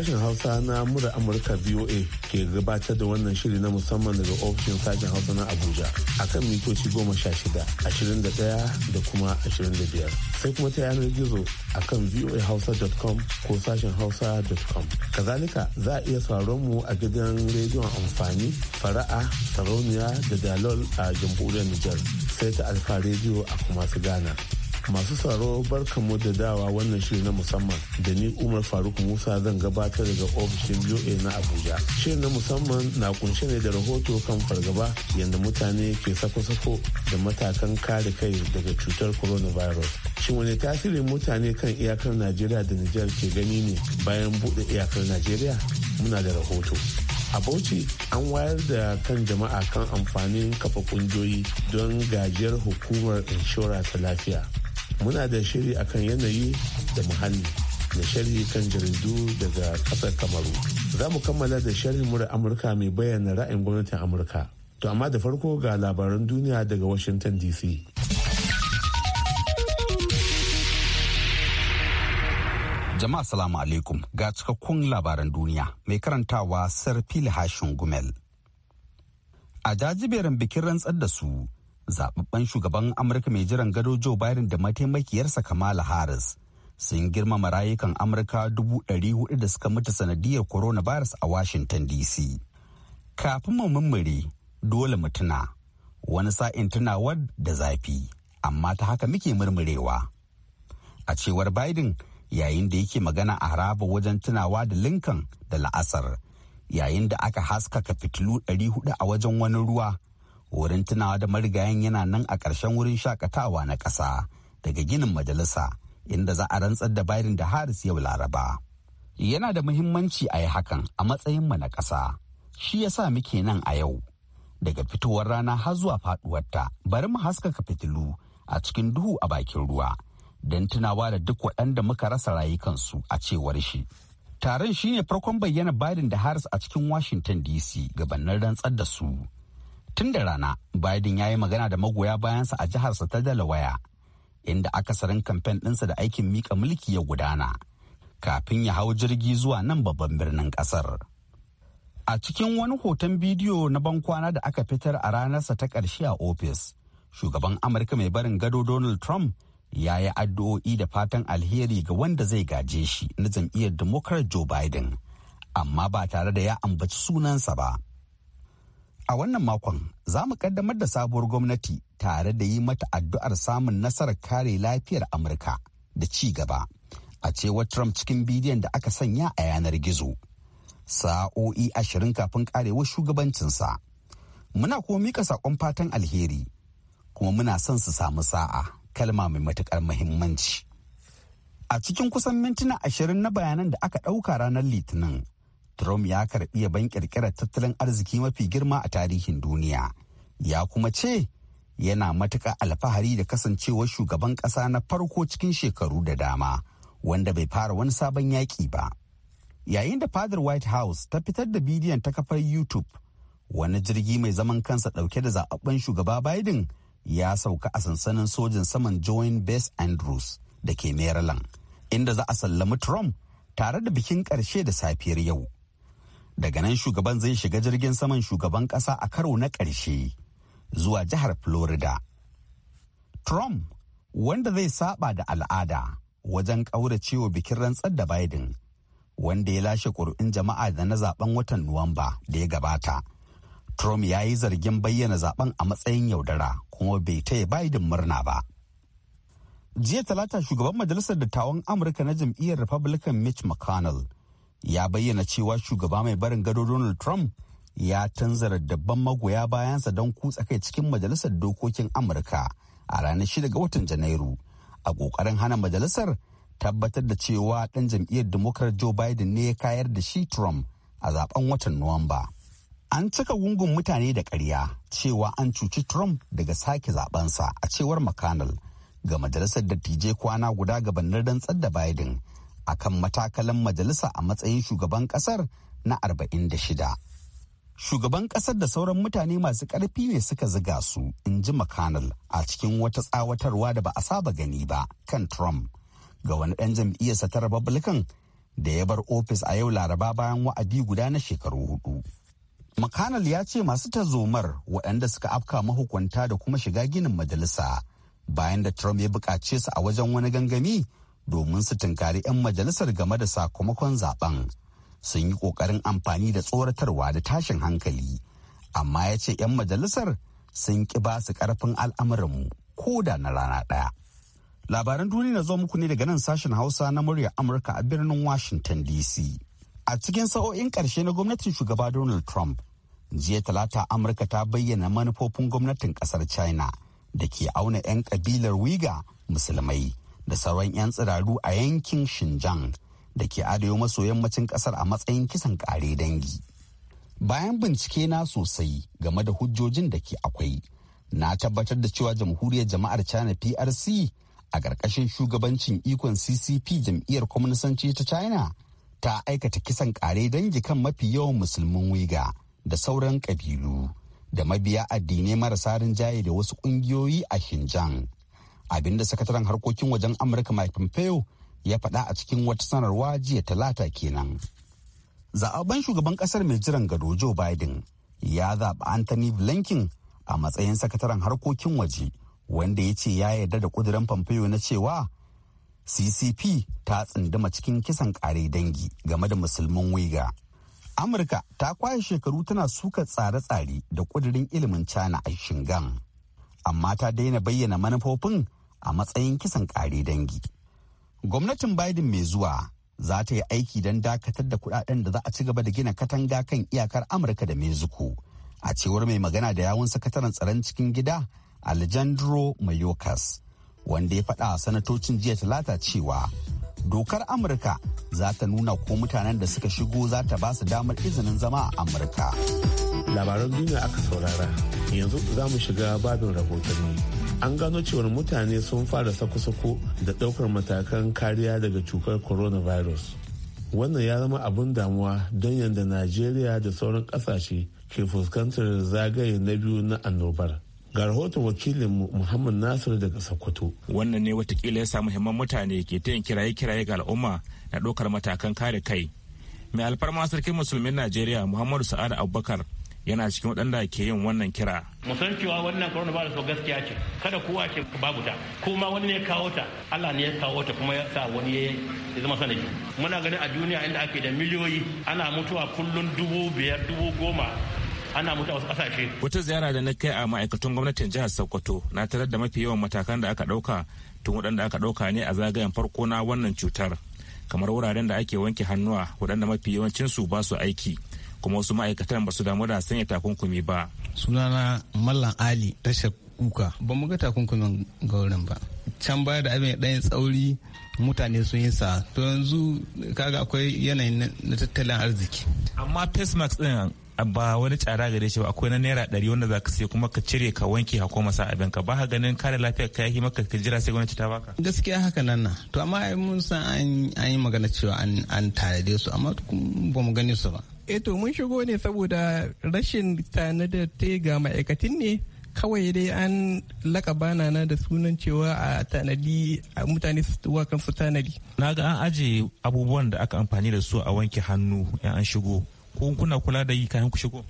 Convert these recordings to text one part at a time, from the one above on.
Sashen Hausa na mura Amurka VOA ke gabatar da wannan shiri na musamman daga ofishin sashen Hausa na Abuja akan mitoci goma sha shida, ashirin da ɗaya da kuma ashirin da biyar. Sai kuma ta yanar gizo a kan akan voahausa.com ko sashen hausa hausa.com. Kazalika za a iya sauraron mu a gidan rediyon amfani fara'a sarauniya da dalol a jamhuriyar Nijar sai ta alfa rediyo a kuma su Ghana. masu tsaro mu da dawa wannan shirin na musamman da ni umar faruk musa zan gabatar daga ofishin voa na abuja shirin na musamman na kunshe ne da rahoto kan fargaba yadda mutane ke sako-sako da matakan kare kai daga cutar coronavirus shin wani tasirin mutane kan iyakar najeriya da nijar ke gani ne bayan buɗe iyakar najeriya muna da rahoto a bauchi an wayar da kan jama'a kan amfanin kafa kungiyoyi don gajiyar hukumar inshora ta lafiya muna da shiri akan yanayi da muhalli da sharhi kan jaridu daga kasar kamaru za mu kammala da sharhin mura amurka mai bayyana ra'ayin gwamnatin amurka to amma da farko ga labaran duniya daga washington dc jama'a salamu alaikum ga cikakkun labaran duniya mai karantawa sir hashin gumel a jajiberin bikin rantsar da su zababben shugaban amurka mai jiran gado joe biden da mataimakiyarsa kamala harris sun girmama rayukan amurka dubu ɗari hudu da suka mutu sanadiyar coronavirus a washington dc kafin mu murmure, dole mu tuna wani sa'in tunawar da zafi amma ta haka muke murmurewa a cewar biden yayin da yake magana a haraba wajen tunawa da lincoln da la'asar yayin da aka haskaka fitilu ɗari 400 a wajen wani ruwa wurin tunawa da marigayen yana nan a ƙarshen wurin shakatawa na ƙasa daga ginin majalisa inda za a rantsar da barin da Harris yau Laraba. Yana da muhimmanci a yi hakan a matsayinmu na ƙasa. Shi ya sa muke nan a yau. Daga fitowar rana har zuwa faɗuwarta bari mu haskaka fitilu a cikin duhu a bakin ruwa don tunawa da duk waɗanda muka rasa rayukansu a cewar shi. Taron shine farkon bayyana Biden da Harris a cikin Washington DC gabanin rantsar da su. tun da rana biden ya yi magana da magoya bayansa a jiharsa ta delaware inda akasarin kamfen ɗinsa da aikin mika mulki ya gudana kafin ya hau jirgi zuwa nan babban birnin ƙasar a cikin wani hoton bidiyo na bankwana da aka fitar a ranarsa ta ƙarshe a ofis shugaban amurka mai barin gado donald trump ya yi addu'o'i da fatan alheri ga wanda zai gaje shi na jam'iyyar democrat joe biden amma ba tare da ya ambaci sunansa ba. A wannan makon za mu kaddamar da sabuwar gwamnati tare da yi mata addu'ar samun nasarar kare lafiyar Amurka da ci gaba. A cewar Trump cikin bidiyon da aka sanya a yanar gizo. Sa'o'i ashirin kafin karewar shugabancinsa. Muna kuma mika saƙon fatan alheri, kuma muna son su samu sa'a kalma mai matuƙar muhimmanci. A cikin kusan mintuna ashirin na bayanan da aka ɗauka ranar Litinin, Trump ya karbi yaban ƙirƙirar tattalin arziki mafi girma a tarihin duniya. Ya kuma ce yana matuƙa alfahari da kasancewar shugaban ƙasa na farko cikin shekaru da dama wanda bai fara wani sabon yaƙi ba. Yayin da fadar White House ta fitar da bidiyon ta kafar YouTube wani jirgi mai zaman kansa ɗauke da zaɓaɓɓen shugaba Biden ya sauka a sansanin sojin saman Joint Base Andrews da ke Maryland inda za a sallami Trump tare da bikin ƙarshe da safiyar yau. daga nan shugaban zai shiga jirgin saman shugaban kasa a karo na ƙarshe zuwa jihar florida trump wanda zai saba da al'ada wajen ƙauracewa bikin rantsar da biden wanda ya lashe ƙuri'un jama'a da na zaben watan nuwamba da ya gabata trump ya yi zargin bayyana zaben a matsayin yaudara kuma bai taya biden murna ba jiya talata shugaban majalisar dattawan amurka na jam'iyyar republican mitch mcconnell ya bayyana cewa shugaba mai barin gado donald trump ya tanzara dabban magoya bayansa don kutsa kai cikin majalisar dokokin amurka a ranar 6 ga watan janairu a kokarin hana majalisar tabbatar da cewa ɗan jam'iyyar democrat joe biden ne ya kayar da shi trump a zaben watan nuwamba an cika gungun mutane da ƙarya cewa an cuci trump daga sake zabensa a cewar mcconnell ga majalisar dattijai kwana guda gabanin rantsar da biden a kan matakalan majalisa a matsayin shugaban kasar na 46. Shugaban kasar da sauran mutane masu ƙarfi ne suka ziga su, in ji McConnell a cikin wata tsawatarwa da ba a saba gani ba kan Trump ga wani ɗan jam'iyyarsa ta Republican da ya bar ofis a yau laraba bayan wa'adi guda na shekaru hudu. McConnell ya ce masu tazomar waɗanda suka afka mahukunta da kuma shiga ginin majalisa bayan da Trump ya buƙace su a wajen wani gangami domin su tunkari 'yan majalisar game da sakamakon zaben sun yi kokarin amfani da tsoratarwa da tashin hankali amma ya ce 'yan majalisar sun ki ba su karfin al'amuranmu ko da na rana ɗaya labaran duniya na zo muku ne daga nan sashen hausa na murya amurka a birnin washington dc a cikin sa'o'in ƙarshe na gwamnatin shugaba donald trump jiya talata amurka ta bayyana manufofin gwamnatin ƙasar china da ke auna 'yan ƙabilar wiga musulmai da sauran 'yan tsiraru a yankin Xinjiang da ke arewa maso yammacin kasar a matsayin kisan kare dangi. Bayan bincike na sosai game da hujjojin da ke akwai, na tabbatar da cewa jamhuriyar jama'ar China PRC a ƙarƙashin shugabancin ikon CCP jam'iyyar kwamnisanci ta China ta aikata kisan kare dangi kan mafi yawan musulmin wiga da sauran ƙabilu da mabiya addinai marasa rinjaye da wasu ƙungiyoyi a Xinjiang. abinda sakataren harkokin wajen amurka mike pompeo ya faɗa a cikin wata sanarwa jiya talata kenan zaɓen shugaban ƙasar mai jiran gado joe biden ya zaɓi anthony blinken a matsayin sakataren harkokin waje wanda ya ce ya yarda da ƙudurin pompeo na cewa ccp ta tsinduma cikin kisan ƙare dangi game da musulmin wiga amurka ta kwaye shekaru tana suka tsare-tsare da ƙudurin ilimin china a shingan amma ta daina bayyana manufofin a matsayin kisan kare dangi. Gwamnatin Biden mai zuwa za ta yi aiki don dakatar da kudaden da za a ci gaba da gina katanga kan iyakar Amurka da Mexico. A cewar mai magana da yawun sakataren tsaron cikin gida Alejandro Mayorkas, wanda ya faɗa sanatocin jiya talata cewa dokar Amurka za ta nuna ko mutanen da suka shigo za ta ba su damar izinin zama a Amurka. Labaran duniya aka saurara yanzu za mu shiga babin rahotanni. an gano cewar mutane sun fara sako-sako da ɗaukar matakan kariya daga cutar coronavirus wannan ya zama abin damuwa don yadda najeriya da sauran ƙasashe ke fuskantar zagaye na biyu na annobar ga rahoton wakilin muhammad nasir daga sokoto wannan ne watakila ya sa muhimman mutane ke ta yin kiraye-kiraye ga al'umma na ɗaukar matakan kare kai mai alfarma sarkin musulmin najeriya muhammadu sa'ad abubakar yana cikin waɗanda ke yin wannan kira. musan san cewa wannan coronavirus ba gaskiya ce kada kowa ce babu ta kuma wani ne ya kawo ta Allah ne ya kawo ta kuma ya sa wani ya zama sanadi muna ganin a duniya inda ake da miliyoyi ana mutuwa kullum dubu biyar dubu goma ana mutu wasu kasashe. Wata ziyara da na kai a ma'aikatan gwamnatin jihar Sokoto na tarar da mafi yawan matakan da aka ɗauka tun waɗanda aka ɗauka ne a zagayen farko na wannan cutar. Kamar wuraren da ake wanke hannuwa waɗanda mafi yawancinsu ba su aiki. kuma wasu ma'aikatan ba su damu da sanya takunkumi ba sunana mallam ali tashar kuka ba mu ga takunkumin gaurin ba can baya da abin ɗayan tsauri mutane sun yi sa to yanzu kaga akwai yanayin na tattalin arziki amma face mask ɗin ba wani tsara gare shi ba akwai na naira ɗari wanda za ka sai kuma ka cire ka wanke ka koma sa abin ka ba ka ganin kare lafiyar ka yaki maka ka jira sai gwamnati ta baka gaskiya haka nan na to amma mun san an yi magana cewa an tare da su amma ba mu gane su ba eto eh mun shigo ne saboda rashin tanadar ta ga ma'aikatin ne kawai dai an lakaba na da sunan cewa a tanadi a mutane su tuwa kansu tanadi. Na ga an aje abubuwan da aka amfani da su a wanke hannu yan an shigo. Ko kuna kula da yi kayan ku shigo?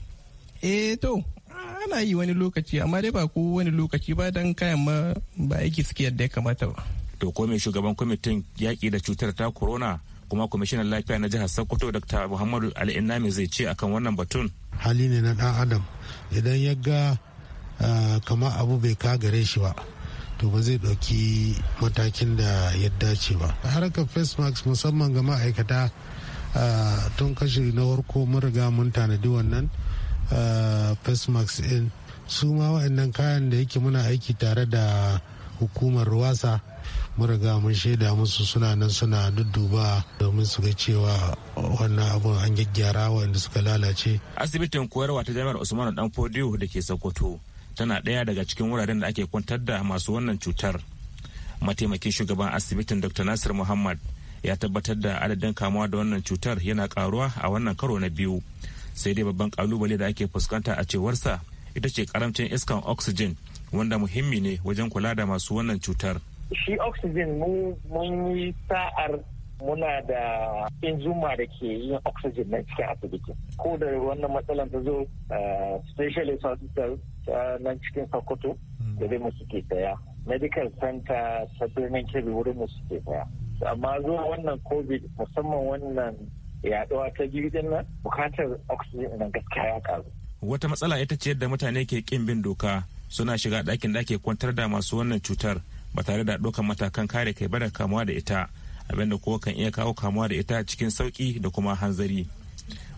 Eh to ana yi wani lokaci amma dai ba ko wani lokaci ba don kayan ma ba aiki suke yadda ya kamata ba. To ko mai shugaban kwamitin yaƙi da cutar ta corona kuma kwamishinan lafiya na jihar sokoto dr muhammadu ali inami zai ce akan wannan batun hali ne na dan adam idan ya ga ah, kama abu bai ka gare shi ba to ba zai ɗauki matakin da ya dace ba harkar face mask musamman ga ma'aikata ah, tun kashi na farko mun riga mun tanadi wannan ah, face mask in su ma wa'annan kayan da yake muna aiki tare da hukumar ruwasa riga mun shaida musu suna nan suna dudduba domin su ga cewa wannan abun an gyaggyara wanda suka lalace asibitin koyarwa ta jami'ar usman dan fodiyo da ke sokoto tana ɗaya daga cikin wuraren da ake kwantar da masu wannan cutar mataimakin shugaban asibitin dr nasir muhammad ya tabbatar da adadin kamuwa da wannan cutar yana karuwa a wannan karo na biyu sai dai babban kalubale da ake fuskanta a cewarsa ita ce karamcin iskan oxygen wanda muhimmi ne wajen kula da masu wannan cutar shi oxygen mun yi sa'ar muna da injuma da ke yin oxygen na cikin asibiti ko da wannan matsalan ta zo eh, specialist hospital nan cikin sokoto hmm. da dai mu suke saya medical center ta birnin kebe wurin mu suke saya amma zuwa wannan covid musamman wannan yaduwa ta biyu nan bukatar oxygen na gaskiya ya karu wata matsala ita ce yadda mutane ke kin bin doka suna shiga ɗakin ke kwantar da masu wannan cutar ba tare da ɗaukar matakan kare kai ba da kamuwa da ita abinda kuwa kan iya kawo kamuwa da ita cikin sauki da kuma hanzari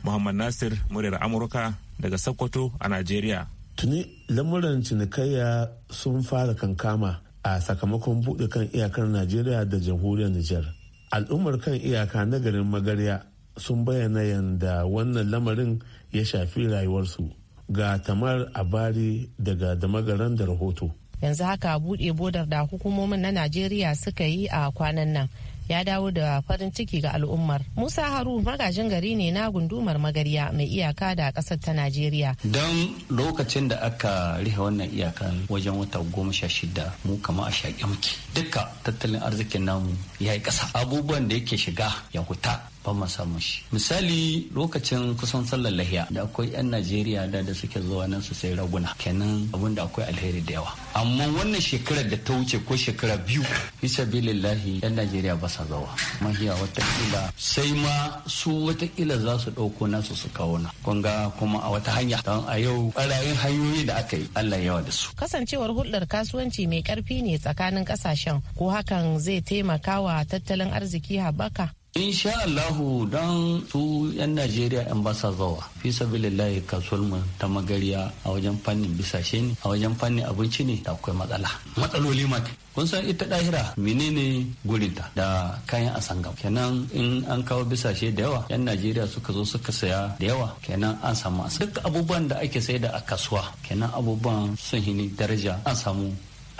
muhammad nasir muryar amurka daga sokoto a najeriya tuni lamuran cinikayya sun fara kankama a sakamakon buɗe kan iyakar najeriya da jamhuriyar nijar al'ummar kan iyaka na garin magarya sun bayyana yadda wannan lamarin ya shafi rayuwarsu ga tamar abari daga damagaran da rahoto yanzu haka buɗe bodar da hukumomin na najeriya suka yi a kwanan nan ya dawo da farin ciki ga al'ummar musa haru magajin gari ne na gundumar magarya mai iyaka da ƙasar ta najeriya don lokacin da aka riha wannan iyakan wajen wata goma sha shida mu kama a shaƙe muke duka tattalin arzikin namu ya yi ƙasa abubuwan da yake shiga ya huta ba ma samu shi misali lokacin kusan sallar lahiya da akwai yan najeriya da da suke zuwa nan su sai raguna kenan abin da akwai alheri da yawa amma wannan shekarar da ta wuce ko shekara biyu bisa bilillahi yan najeriya ba sa zawa mahiya watakila sai ma su watakila za su ɗauko nasu su kawo na kunga kuma a wata hanya don a yau ɓarayin hanyoyi da aka yi allah yawa da su kasancewar hulɗar kasuwanci mai ƙarfi ne tsakanin ƙasashen ko hakan zai taimaka wa tattalin arziki haɓaka insha Allahu don su 'yan Najeriya 'yan basa zawa fi sabilillahi kasuwar mu ta magariya a wajen fannin bisashe ne a wajen fannin abinci ne da akwai matsala matsaloli ma kun san ita dahira menene gurinta da kayan asangam kenan in an kawo bisashe da yawa 'yan Najeriya suka zo suka saya da yawa kenan an samu duk abubuwan da ake saida a kasuwa kenan abubuwan sun hini daraja an samu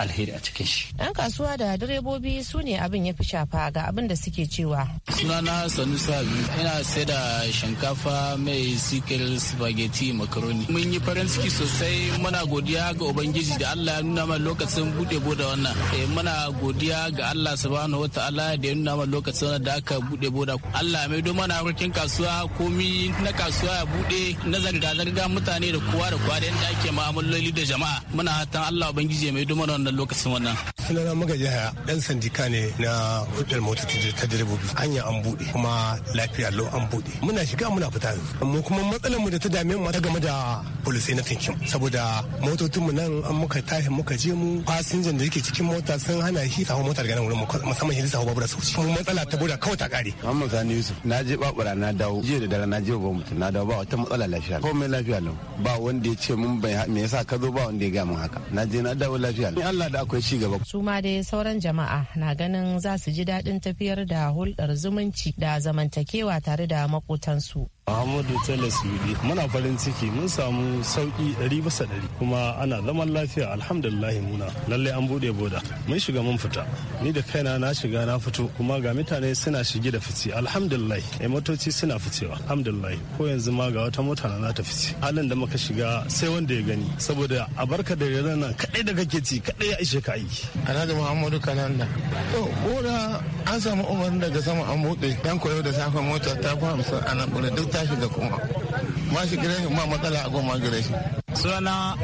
alheri a cikin shi. 'Yan kasuwa da direbobi su ne abin ya fi shafa ga abin da suke cewa. Sunana Sanusa ina sai da shinkafa mai sikil spaghetti makaroni. Mun yi farin ciki sosai muna godiya ga Ubangiji da Allah ya nuna mana lokacin bude boda wannan. Eh muna godiya ga Allah subhanahu wa ta'ala da ya nuna mana lokacin da aka bude boda. Allah mai don mana harkokin kasuwa komi na kasuwa ya bude na zanga-zanga mutane da kowa da kowa da yadda ake ma'amaloli da jama'a. Muna hatan Allah Ubangiji mai don mana wannan lokacin wannan sunana maga jihaya dan sandika ne na hudar mota ta direbobi hanya an buɗe kuma lafiya lo an buɗe muna shiga muna fita yanzu mu kuma matsalar mu da ta dame mu ta game da police na tinkin saboda motocin mu nan an muka tashi muka je mu fasinjan da yake cikin mota sun hana shi sahu mota daga nan mu musamman shi sahu babura sauci kuma matsala ta buda kawai ta kare Muhammad Sani Yusuf na je babura na dawo jiya da dare na je babu mutum na dawo ba wata matsala lafiya ko mai lafiya lo ba wanda ya ce mun bai me yasa ka zo ba wanda ya ga mun haka na je na dawo lafiya Allah da akwai ci gaba. Su ma dai sauran jama'a na ganin za su ji daɗin tafiyar da hulɗar zumunci da zamantakewa tare da maƙotansu. Muhammadu Tele Sudi muna farin ciki mun samu sauki ɗari bisa ɗari kuma ana zaman lafiya alhamdulillah muna lalle an buɗe boda mun shiga mun fita ni da kaina na shiga na fito kuma ga mutane suna shige da fice alhamdulillah ai eh, motoci suna ficewa alhamdulillah ko yanzu ma ga wata mota na ta fice halin da muka shiga sai wanda ya gani saboda a barka da yaran nan kadai da kake ci kadai ya ishe ka aiki Alhaji Muhammadu Kananda to boda an samu umarni daga sama an buɗe dan koyo da safan mota ta fi a ana duk ta shiga kuma ma shi gire ma matsala a goma gire shi sunana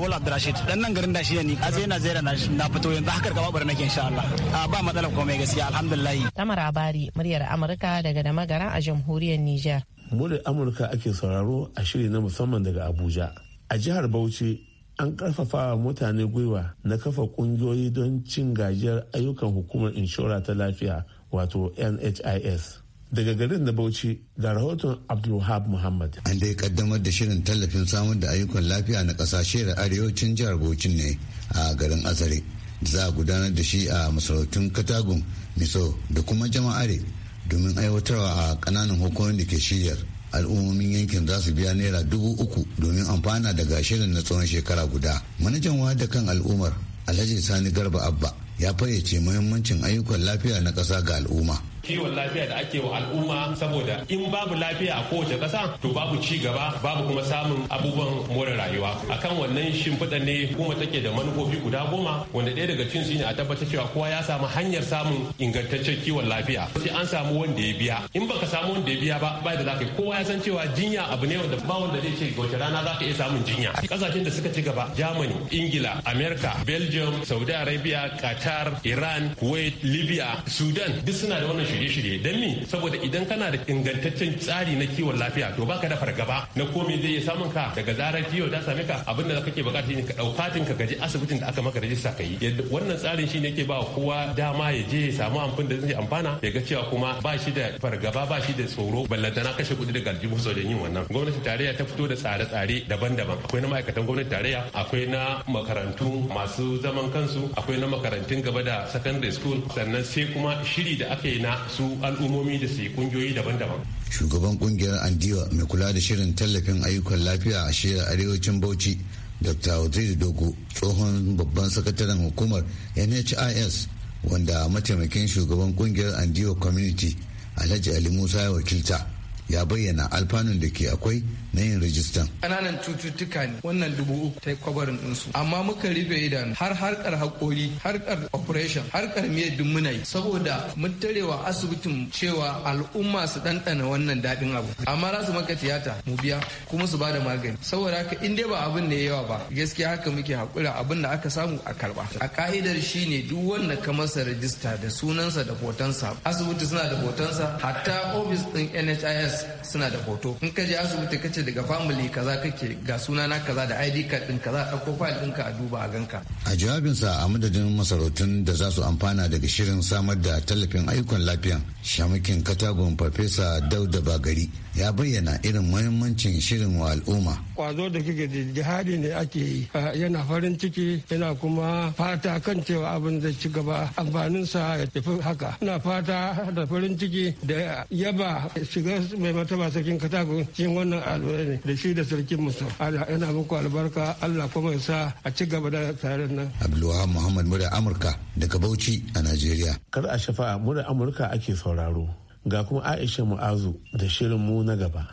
wula abdurashid dan nan garin dashi ne a na zaira na fito yanzu haka gaba na nake insha Allah ba matsala komai gaskiya alhamdulillah tamara bari muryar amurka daga da magara a jamhuriyar niger muryar amurka ake sauraro a shiri na musamman daga abuja a jihar bauchi an karfafa wa mutane gwiwa na kafa kungiyoyi don cin gajiyar ayyukan hukumar inshora ta lafiya wato nhis daga garin da bauchi da rahoton abdulhab muhammad an dai kaddamar da shirin tallafin samun da ayyukan lafiya na kasashe da arewacin jihar bauchi ne a garin azare za a gudanar da shi a masarautun katagun miso da kuma jama'are domin aiwatarwa a kananan hukumomin da ke shiryar al'ummomin yankin za su biya naira dubu uku domin amfana daga shirin na tsawon shekara guda manajan wada kan al'ummar alhaji sani garba abba ya fayyace muhimmancin ayyukan lafiya na ƙasa ga al'umma kiwon lafiya da ake wa al'umma saboda in babu lafiya a kowace ƙasa to babu ci gaba babu kuma samun abubuwan more rayuwa akan wannan shimfiɗa ne kuma take da manufofi guda goma wanda ɗaya daga cin shine a tabbatar cewa kowa ya samu hanyar samun ingantaccen kiwon lafiya sai an samu wanda ya biya in baka samu wanda ya biya ba ba da zaka kowa ya san cewa jinya abu ne wanda ba wanda zai ce wace rana zaka iya samun jinya kasashen da suka ci gaba Germany Ingila America Belgium Saudi Arabia Qatar Iran Kuwait Libya Sudan duk suna da wannan shirye-shirye don me saboda idan kana da ingantaccen tsari na kiwon lafiya to baka da fargaba na komai zai iya samun ka daga zarar kiwo ta same ka abin da kake bukata shine ka katin ka gaji asibitin da aka maka rajista ka yi wannan tsarin shine ke ba kowa dama ya je ya samu amfin da zai amfana ya ga cewa kuma ba shi da fargaba ba shi da tsoro ballantana kashe kuɗi daga aljihu sojan yin wannan gwamnati tarayya ta fito da tsare-tsare daban-daban akwai na ma'aikatan gwamnatin tarayya akwai na makarantu masu zaman kansu akwai na makarantun gaba da secondary school sannan sai kuma shiri da aka yi na su al'ummomi da su kungiyoyi daban-daban shugaban kungiyar andiwa mai kula da shirin tallafin ayyukan lafiya a shirin arewacin bauchi dr Audrey dogo tsohon babban sakataren hukumar nhis wanda mataimakin shugaban kungiyar andiwa community alhaji ali musa ya wakilta ya bayyana alfanun da ke akwai na yin rajistan. Ƙananan cututtuka ne wannan dubu uku ta yi kwabarin ɗinsu. Amma muka rufe idanu har harkar hakori harkar operation, harkar miyar duk yi. Saboda mun tarewa asibitin cewa al'umma su ɗanɗana wannan daɗin abu. Amma za su maka tiyata mu biya kuma su bada magani. Saboda haka in dai ba abin da yawa ba gaskiya haka muke haƙura abin da aka samu a karɓa. A ka'idar shi ne duk wanda ka masa rajista da sunansa da hotonsa. Asibiti suna da hotonsa hatta ofis ɗin NHIS suna da hoto. In ka je asibiti ka ce ce daga family kaza kake ga sunana kaza da ID card din kaza ko file ɗinka a duba a ganka. A jawabinsa a madadin masarautun da za su amfana daga shirin samar da tallafin ayyukan lafiya shamakin katagon farfesa Dauda Bagari ya bayyana irin muhimmancin shirin wa al'umma. Kwazo da kike jihadi ne ake yi ah, yana farin ciki yana kuma fata kan cewa abin da ci gaba amfanin sa ya tafi haka. Ina fata da farin ciki da yaba shiga mai mataba sakin katago cikin wannan ne da shi da sarkin musa Allah yana muku albarka Allah kuma ya sa a ci gaba da taron nan Abdullahi Muhammad murar Amurka daga Bauchi a Najeriya kar a shafa murar Amurka ake sauraro ga kuma Aisha Mu'azu da shirin mu na gaba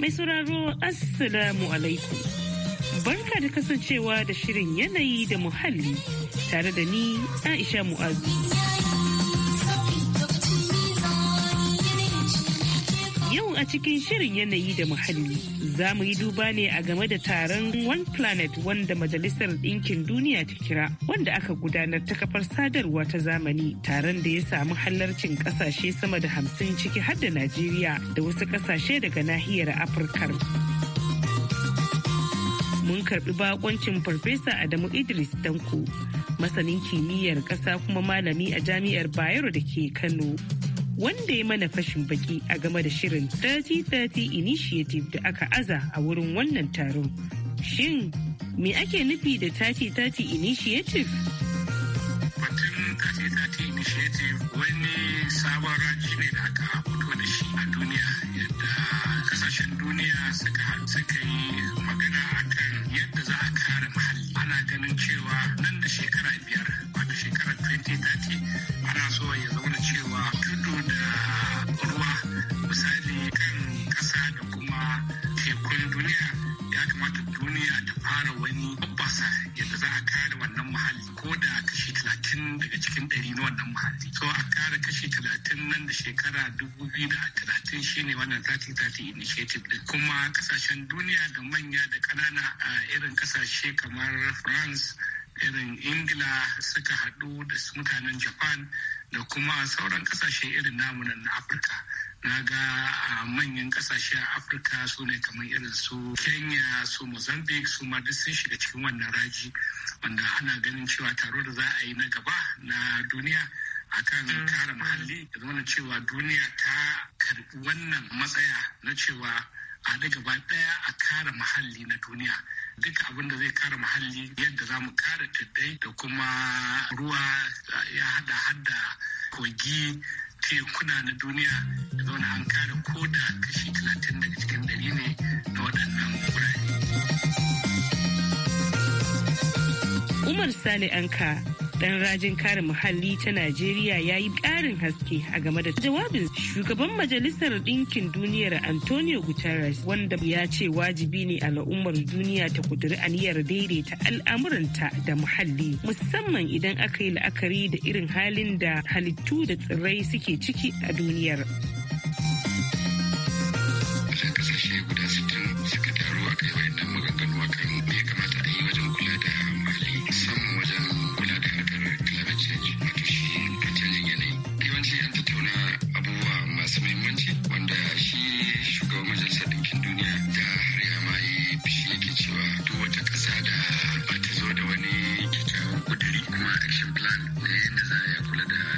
Mai sauraro Assalamu alaikum barka da kasancewa da shirin yanayi da muhalli tare da ni Aisha Mu'azu. Yau a cikin shirin yanayi da muhalli za mu yi duba ne a game da taron One Planet wanda Majalisar Ɗinkin Duniya ta kira wanda aka gudanar ta kafar sadarwa ta zamani taron da ya samu halarcin kasashe sama da hamsin ciki har da Najeriya da wasu kasashe daga nahiyar Afirka. mun karbi bakoncin farfesa adamu idris danko masanin kimiyyar ƙasa kuma malami a jami'ar bayero da ke kano wanda ya mana fashin baki a game da shirin 3030 initiative da aka aza a wurin wannan taron shin me ake nufi da 3030 initiative batun initiative wani sabon ne da aka da shi a duniya kasashen duniya suka yi magana akan yadda za a kare muhalli ana ganin cewa nan da shekara biyar wato shekarar 2030 ana so yanzu wannan 30-30 initiative din kuma kasashen duniya da manya da kanana a irin kasashe kamar france irin ingila suka haɗu da mutanen japan da kuma sauran kasashe irin namu na afirka na ga a manyan kasashe a afirka su ne kamar irin su kenya su mozambique su ma duk sun shiga cikin wannan raji wanda ana ganin cewa taro da za a yi na gaba na duniya akan kare muhalli da zama cewa duniya ta karɓi wannan matsaya na cewa a gaba ɗaya a kare muhalli na duniya duka abin da zai kare muhalli yadda za mu kare tuddai da kuma ruwa ya hada hada kogi tekuna na duniya da zauna an kare ko da kashi talatin daga cikin dari ne na waɗannan wurare. Umar Sale Anka dan rajin kare muhalli ta Najeriya ya yi ƙarin haske a game da jawabin shugaban majalisar ɗinkin duniyar Antonio Guterres wanda ya ce wajibi ne a al'ummar duniya ta kuduri aniyar daidaita al'amuranta da muhalli musamman idan aka yi la'akari da irin halin da halittu da tsirrai suke ciki a duniyar. majalisar ɗinkin duniya ta har ya ma yi fishi yake cewa duk wata ƙasa da ba ta zo da wani kyakkyawan kuduri kuma action plan na yadda za a kula da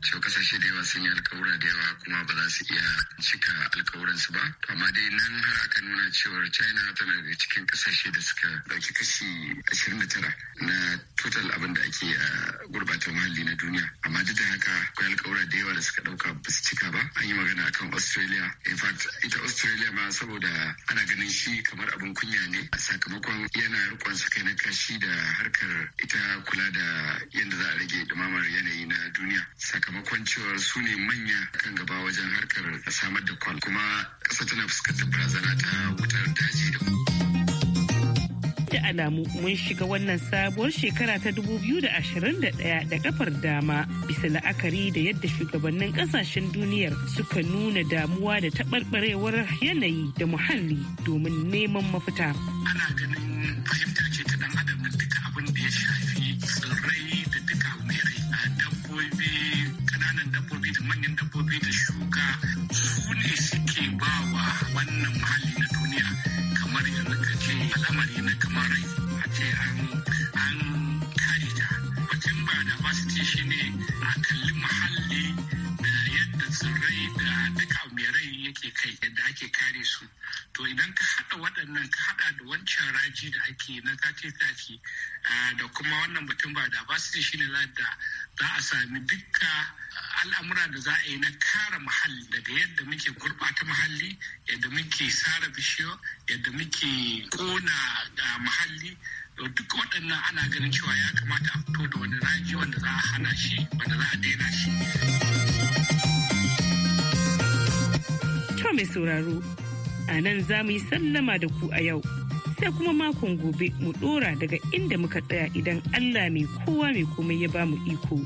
cewa kasashe da yawa sun yi alkawura da yawa kuma ba za su iya cika alkawuransu ba amma dai nan har aka nuna cewar china tana da cikin kasashe da suka dauki kashi 29 na total abin da ake a gurbata muhalli na duniya amma duk da haka akwai alkawura da yawa da suka dauka ba su cika ba an yi magana akan australia in fact ita australia ma saboda ana ganin shi kamar abin kunya ne sakamakon yana rikon sa kai na kashi da harkar ita kula da yadda za a rage dumamar yanayi na duniya sakamakon cewar su ne manya kan gaba wajen harkar samar da kwal kuma ƙasa tana fuskantar barazana ta wutar daji da alamu mun shiga wannan sabuwar shekara ta 2021 da kafar dama bisa la'akari da yadda shugabannin kasashen duniyar suka nuna damuwa da taɓarɓarewar yanayi da muhalli domin neman mafita. Ana ganin fahimta ce ta ɗan adam duka abin da ya shafi tsirrai da duka mai a dabbobi kananan dabbobi da manyan dabbobi da shuka su ne suke bawa wannan muhalli kai yadda ake kare su to idan ka hada waɗannan ka hada da wancan raji da ake na kati kati da kuma wannan batun ba da ba su shi ne da za a sami dukka al'amura da za a yi na kare muhalli daga yadda muke gurɓata muhalli yadda muke sara bishiyo yadda muke kona muhalli duk waɗannan ana ganin cewa ya kamata a fito da wani raji wanda za a hana shi wanda za a daina shi. mai sauraro. A nan za mu yi sallama da ku a yau. Sai kuma makon gobe mu ɗora daga inda muka tsaya idan Allah mai kowa mai komai ya ba mu iko.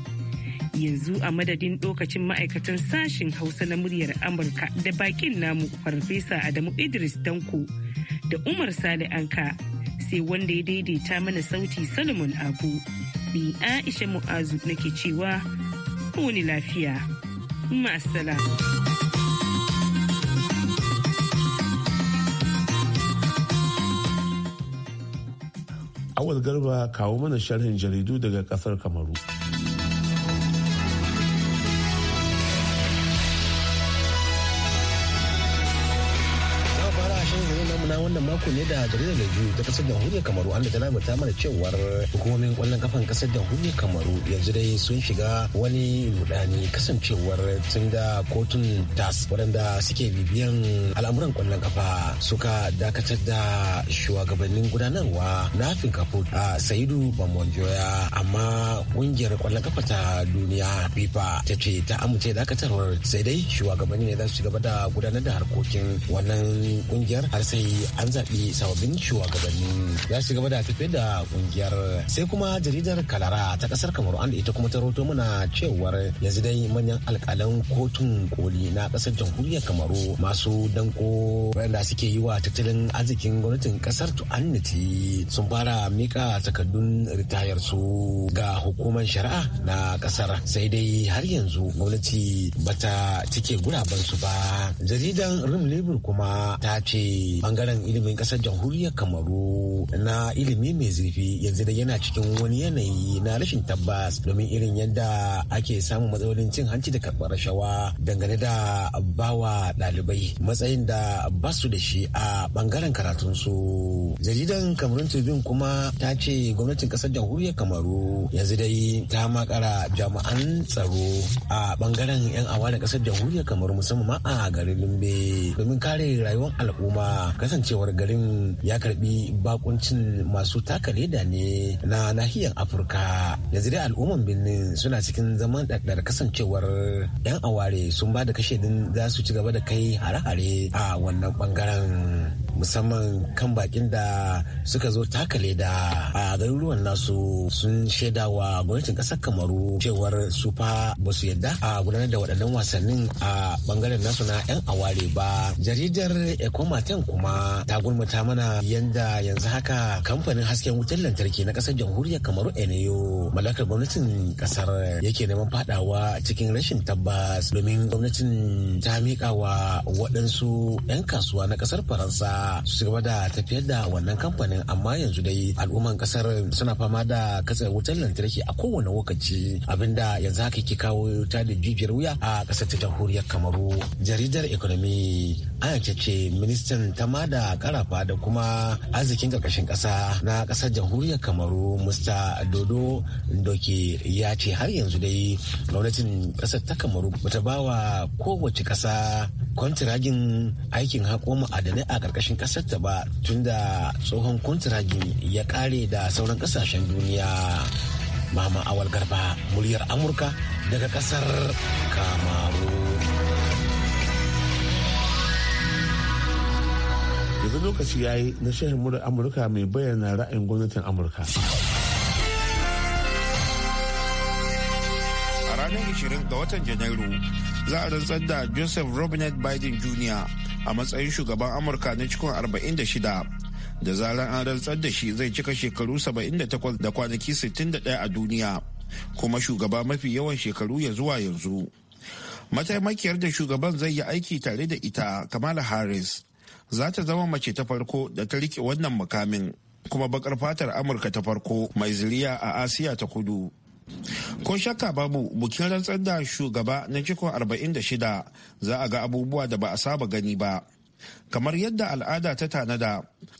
Yanzu a madadin lokacin ma'aikatan sashin Hausa na muryar Amurka da baƙin namu Farfesa Adamu Idris Danko da Umar Sale Anka sai wanda ya daidaita mana sauti Solomon Abu. Bi Aisha Mu'azu nake cewa, ni lafiya. Ma'asala. awal garba kawo mana sharhin jaridu daga kasar kamaru mako ne da jaridar Leju ta kasar jamhuriyar Kamaru an da ta mana cewar hukumomin kwallon kafan kasar jamhuriyar Kamaru yanzu dai sun shiga wani rudani kasancewar tun da kotun DAS waɗanda suke bibiyan al'amuran kwallon kafa suka dakatar da shugabannin gudanarwa na Afin a Saidu Bamonjoya amma kungiyar kwallon kafa ta duniya FIFA ta ce ta amince dakatarwar sai dai shugabanni ne za su gaba da gudanar da harkokin wannan kungiyar har sai an zaɓi sababbin shugabanni ya shiga gaba da tafiyar da kungiyar sai kuma jaridar kalara ta kasar kamaru an da ita kuma ta roto mana cewar yanzu dai manyan alkalan kotun koli na kasar jamhuriyar kamaru masu danko wanda suke yi wa tattalin arzikin gwamnatin kasar tu'annati sun fara mika takardun ritayar su ga hukumar shari'a na kasar sai dai har yanzu gwamnati bata cike guraben su ba jaridan rim kuma ta ce bangaren ilimin kasar jamhuriyar kamaru na ilimi mai zurfi yanzu da yana cikin wani yanayi na rashin tabbas domin irin yadda ake samun matsalolin cin hanci da karɓar rashawa dangane da bawa ɗalibai matsayin da ba su da shi a ɓangaren karatunsu jaridan kamarun tribune kuma ta ce gwamnatin kasar jamhuriyar kamaru yanzu dai ta makara jami'an tsaro a ɓangaren 'yan awa da kasar jamhuriyar kamaru musamman ma a garin lumbe domin kare rayuwar al'umma kasancewar garin garin ya karbi bakuncin masu taka leda ne na nahiyar afirka yanzu dai al'umman birnin suna cikin zaman ɗaɗɗar kasancewar 'yan aware sun ba da kashe din za su ci gaba da kai hare-hare a wannan bangaren musamman kan bakin da suka zo takale da a garuruwan nasu sun shaida wa gwamnatin kasar kamaru cewar su fa ba su yadda a gudanar da waɗannan wasannin a bangaren nasu na 'yan aware ba jaridar ekomaten kuma ta gulmata mana yanda yanzu haka kamfanin hasken wutar lantarki na kasar jamhuriyar kamaru eneyo mallakar gwamnatin kasar yake neman fadawa cikin rashin tabbas domin gwamnatin ta miƙa wa waɗansu 'yan kasuwa na ƙasar faransa kamata su gaba da tafiyar da wannan kamfanin amma yanzu dai al'umman kasar suna fama da katsar wutar lantarki a kowane lokaci abinda yanzu haka ke kawo ta da jijiyar wuya a kasar ta jamhuriyar kamaru jaridar economy ana ce ministan tama da karafa da kuma arzikin karkashin kasa na kasar jamhuriyar kamaru musta dodo doki ya ce har yanzu dai gwamnatin kasar ta kamaru bata bawa kowace kasa kwantiragin aikin haƙo ma'adanai a karkashin cikin kasar ta ba tun da tsohon gini ya kare da sauran kasashen duniya mama awal garba muryar amurka daga kasar kamaru yanzu lokaci ya yi na shehin murar amurka mai bayyana ra'ayin gwamnatin amurka a ranar 20 ga watan janairu za a rantsar da joseph robinet biden jr a matsayin shugaban amurka na cikin 46 da zarar an rantsar da shi zai cika shekaru 78 da kwanaki 61 a duniya kuma shugaba mafi yawan shekaru ya zuwa yanzu mataimakiyar da shugaban zai yi aiki tare da ita kamala harris za ta zama mace ta farko da ta rike wannan mukamin kuma bakar fatar amurka ta farko mai zuriya a asiya ta kudu Ko shakka babu bukin rantsar da shugaba na jikon 46 za a ga abubuwa da ba a saba gani ba. Kamar yadda al'ada ta tanada,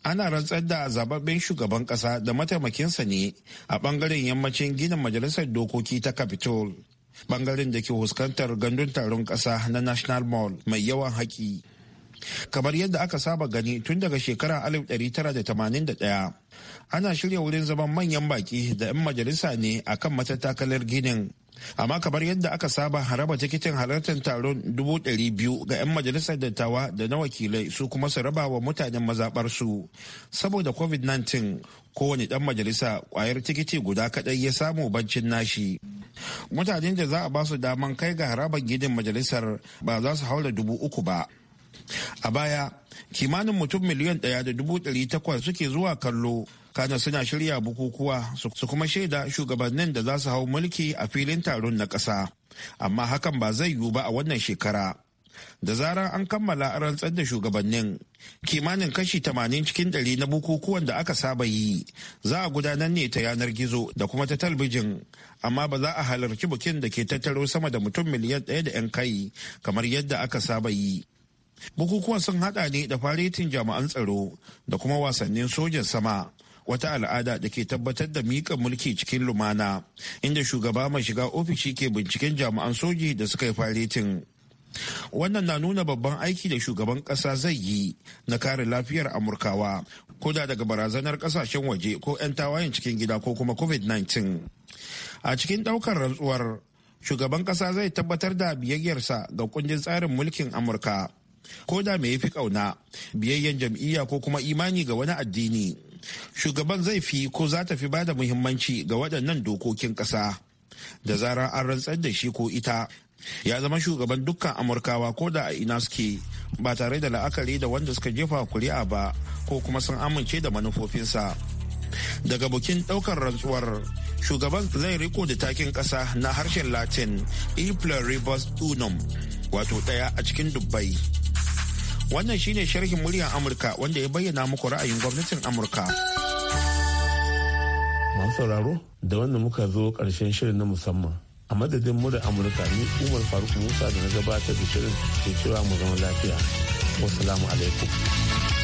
ana rantsar da zababben shugaban kasa da mataimakinsa ne a bangaren yammacin ginin majalisar dokoki ta Capitol, bangaren da ke huskantar gandun taron kasa na National Mall mai yawan haƙi. kamar yadda aka saba gani tun daga shekara 1981 ana shirya wurin zaman manyan baki da 'yan majalisa ne akan matattakalar ginin amma kamar yadda aka saba haraba tikitin halartar taron 200,000 ga 'yan majalisar dattawa da na wakilai su kuma su raba wa mutanen mazaɓarsu saboda covid-19 kowane ɗan majalisa kwayar tikiti guda kaɗai ya samu bancin nashi mutanen da za a ba su daman kai ga harabar gidan majalisar ba za su haula dubu uku ba a baya kimanin mutum miliyan ɗaya da dubu ɗari takwas suke zuwa kallo kana suna shirya bukukuwa su kuma shaida shugabannin da za su hau mulki a filin taron na ƙasa amma hakan ba zai yiwu ba a wannan shekara da zarar an kammala rantsar da shugabannin kimanin kashi tamanin cikin ɗari na bukukuwan da aka saba yi za a gudanar ne ta yanar gizo da kuma ta talbijin amma ba za a halarci bukin da ke tattaro sama da mutum miliyan ɗaya da 'yan kai kamar yadda aka saba yi bukukuwan sun hada ne da faretin jami'an tsaro da kuma wasannin sojan sama wata al'ada da ke tabbatar da mika mulki cikin lumana inda shugaba mai shiga ofishi ke binciken jami'an soji da suka yi faretin wannan na nuna babban aiki da shugaban ƙasa zai yi na kare lafiyar amurkawa ko da daga barazanar kasashen waje ko 'yan tawayen cikin gida ko kuma covid-19 a cikin ɗaukar rantsuwar shugaban ƙasa zai tabbatar da biyayyarsa ga kundin tsarin mulkin amurka ko da me yafi kauna biyayyen jam'iyya ko kuma imani ga wani addini shugaban zai fi ko za ta fi bada muhimmanci ga waɗannan dokokin ƙasa da zarar an rantsar da shi ko ita ya zama shugaban dukkan amurkawa ko da a ina suke ba tare da la'akari da wanda suka jefa kuri'a ba ko kuma sun amince da manufofinsa daga bukin ɗaukar rantsuwar shugaban zai riko da takin ƙasa na harshen latin e pluribus unum wato ɗaya a cikin dubbai Wannan shine sharhin muryar Amurka wanda ya bayyana muku ra'ayin gwamnatin Amurka. Masu sauraro da wanda muka zo ƙarshen shirin na musamman. A madadin da Amurka ni Umar Faruk Musa da na gabatar da shirin ke cewa mu zama lafiya. wasalamu alaikum.